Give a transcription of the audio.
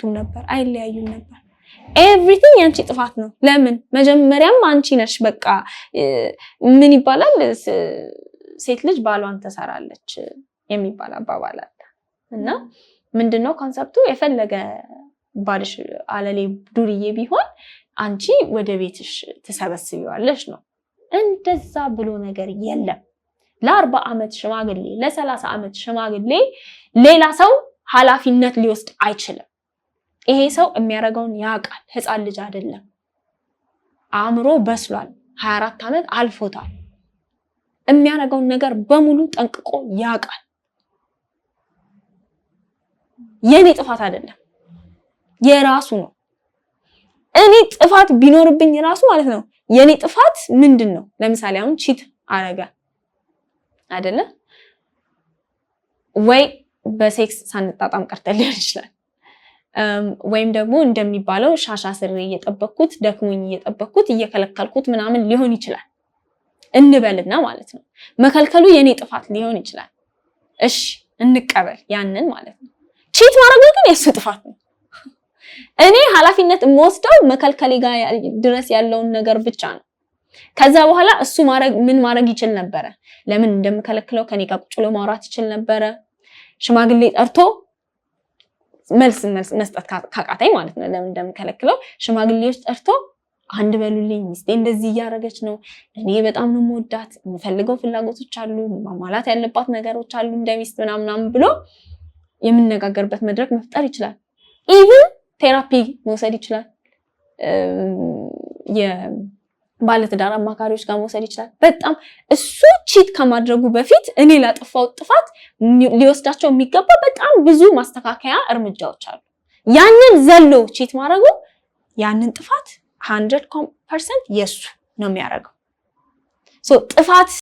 ቱ ነበር፣ አይለያዩም ነበር። ኤቭሪቲንግ ያንቺ ጥፋት ነው። ለምን መጀመሪያም አንቺ ነሽ። በቃ ምን ይባላል ሴት ልጅ ባሏን ትሰራለች የሚባል አባባል አለ እና ምንድነው ኮንሰፕቱ? የፈለገ ባልሽ አለሌ ዱርዬ ቢሆን አንቺ ወደ ቤትሽ ትሰበስቢዋለሽ ነው። እንደዛ ብሎ ነገር የለም። ለአርባ ዓመት ሽማግሌ ለሰላሳ ዓመት ሽማግሌ ሌላ ሰው ኃላፊነት ሊወስድ አይችልም። ይሄ ሰው የሚያደርገውን ያውቃል። ህፃን ልጅ አይደለም። አእምሮ በስሏል። ሀያ ዓመት አልፎታል። የሚያደርገውን ነገር በሙሉ ጠንቅቆ ያውቃል። የኔ ጥፋት አይደለም፣ የራሱ ነው። እኔ ጥፋት ቢኖርብኝ ራሱ ማለት ነው። የኔ ጥፋት ምንድን ነው? ለምሳሌ አሁን ቺት አረገ አይደለ ወይ በሴክስ ሳንጣጣም ቀርተን ሊሆን ይችላል ወይም ደግሞ እንደሚባለው ሻሻ ስር እየጠበኩት ደክሞኝ እየጠበኩት እየከለከልኩት ምናምን ሊሆን ይችላል እንበልና ማለት ነው። መከልከሉ የእኔ ጥፋት ሊሆን ይችላል። እሺ እንቀበል ያንን ማለት ነው። ቺት ማድረጉ ግን የሱ ጥፋት ነው። እኔ ኃላፊነት የምወስደው መከልከሌ ጋር ድረስ ያለውን ነገር ብቻ ነው። ከዛ በኋላ እሱ ምን ማድረግ ይችል ነበረ? ለምን እንደምከለክለው ከኔ ጋር ቁጭሎ ማውራት ይችል ነበረ። ሽማግሌ ጠርቶ መልስ መስጠት ካቃታኝ ማለት ነው ለምን እንደምከለክለው ሽማግሌዎች ጠርቶ አንድ በሉልኝ፣ ሚስቴ እንደዚህ እያደረገች ነው፣ እኔ በጣም ነው የምወዳት፣ የምፈልገው ፍላጎቶች አሉ፣ ማሟላት ያለባት ነገሮች አሉ፣ እንደ ሚስት ምናምናም ብሎ የምነጋገርበት መድረክ መፍጠር ይችላል። ኢቭን ቴራፒ መውሰድ ይችላል። ባለትዳር አማካሪዎች ጋር መውሰድ ይችላል። በጣም እሱ ቺት ከማድረጉ በፊት እኔ ላጠፋው ጥፋት ሊወስዳቸው የሚገባ በጣም ብዙ ማስተካከያ እርምጃዎች አሉ። ያንን ዘሎ ቺት ማድረጉ ያንን ጥፋት ሀንድረድ ፐርሰንት የእሱ ነው የሚያደርገው። ጥፋት